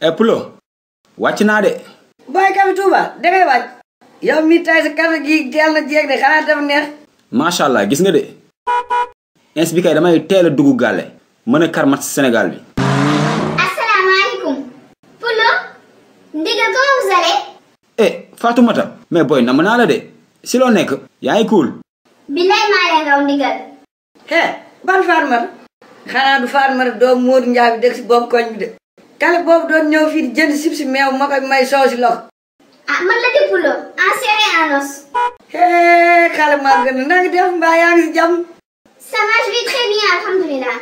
watch na de. Boy, come to ba. Dere ba. yow mi tay sa kar gi gel na jeeg de xanaa def neex. macha allah gis nga de. ins bi kay damay teel a dugg gàlle. kar mat Sénégal bi. asalaamaaleykum. Pulo. ndigal ko vous allez. eh Fatoumata. mais boy na naa la de. si loo nekk. yaa cool. cool. billaay maa leen raw ndigal. he ban farmer. xanaa du farmer do mur Ndiaye bi dëkk si boobu koñ bi de. kala bobu don ñew fi di jënd sipsi meew ma koy may soosi lox ah man la di a ah, séré anos hé kala hee gën na nga def mba yaa ngi jam ça va je vais très bien alhamdulilah.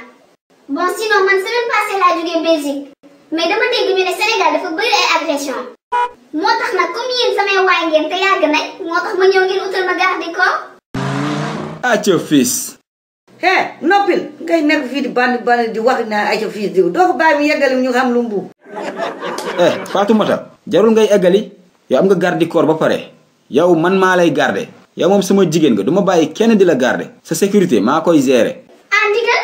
bon sinon man semaine passée la jógee Belgique. mais dama dégg ñu né Sénégal dafa bëri ay agression. Ya. motax nak comme yeen samay way ngeen te yag nañ motax ma ñew ya, ngeen outal ma garde ko corps. tio fils hee noppil ngay nekk fii di bandi bandi di wax naa ay ca fii diw doo ko bàyyi mu ñu xam lu mbuub eh jarul ngay eggali yow am nga garde corps ba pare yow man maa lay garde yow moom sama jigéen nga du ma bàyyi kenn di la garde sa sécurité maa koy gérer ah ndigal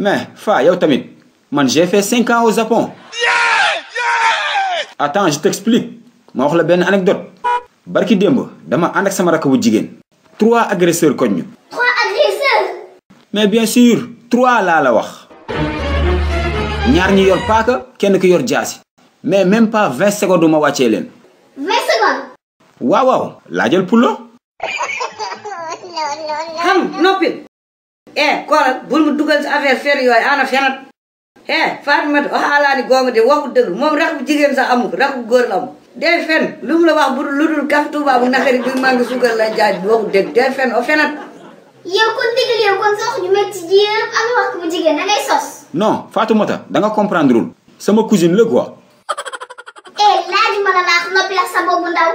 mais fa yow tamit man j'ai fait cinq ans au Japon attends je t'explique ma wax la benn anecdote barki démb dama ànd ak sama rakk bu jigéen trois agresseurs connus. Trois agresseurs Mais bien sûr, trois là la wax. Ñaar ñu yor paaka, kenn yor Mais même pas 20 secondes ma waccé 20 secondes Waaw waaw, la jël poulo. Non non non. Hum, nopil. Eh, quoi, boul mu duggal affaire fer yoy, ana fenat he Fatimata ah, waxaalaani gonga de waxu dëgg moom rax bu jigéen sax amu ko rax bu góor la amu day fen lu mu la wax bu lu dul kaf tubaab bu naxari bi maa ngi suukar la jaay waxu dëgg day fen o fenat yow kon dëggal yow kon sax ñu métti jigéen ak wax bu jigéen da sos non Fatimata da nga comprendre sama cousine la quoi eh laaj ma la laax noppi la sa boobu ndaw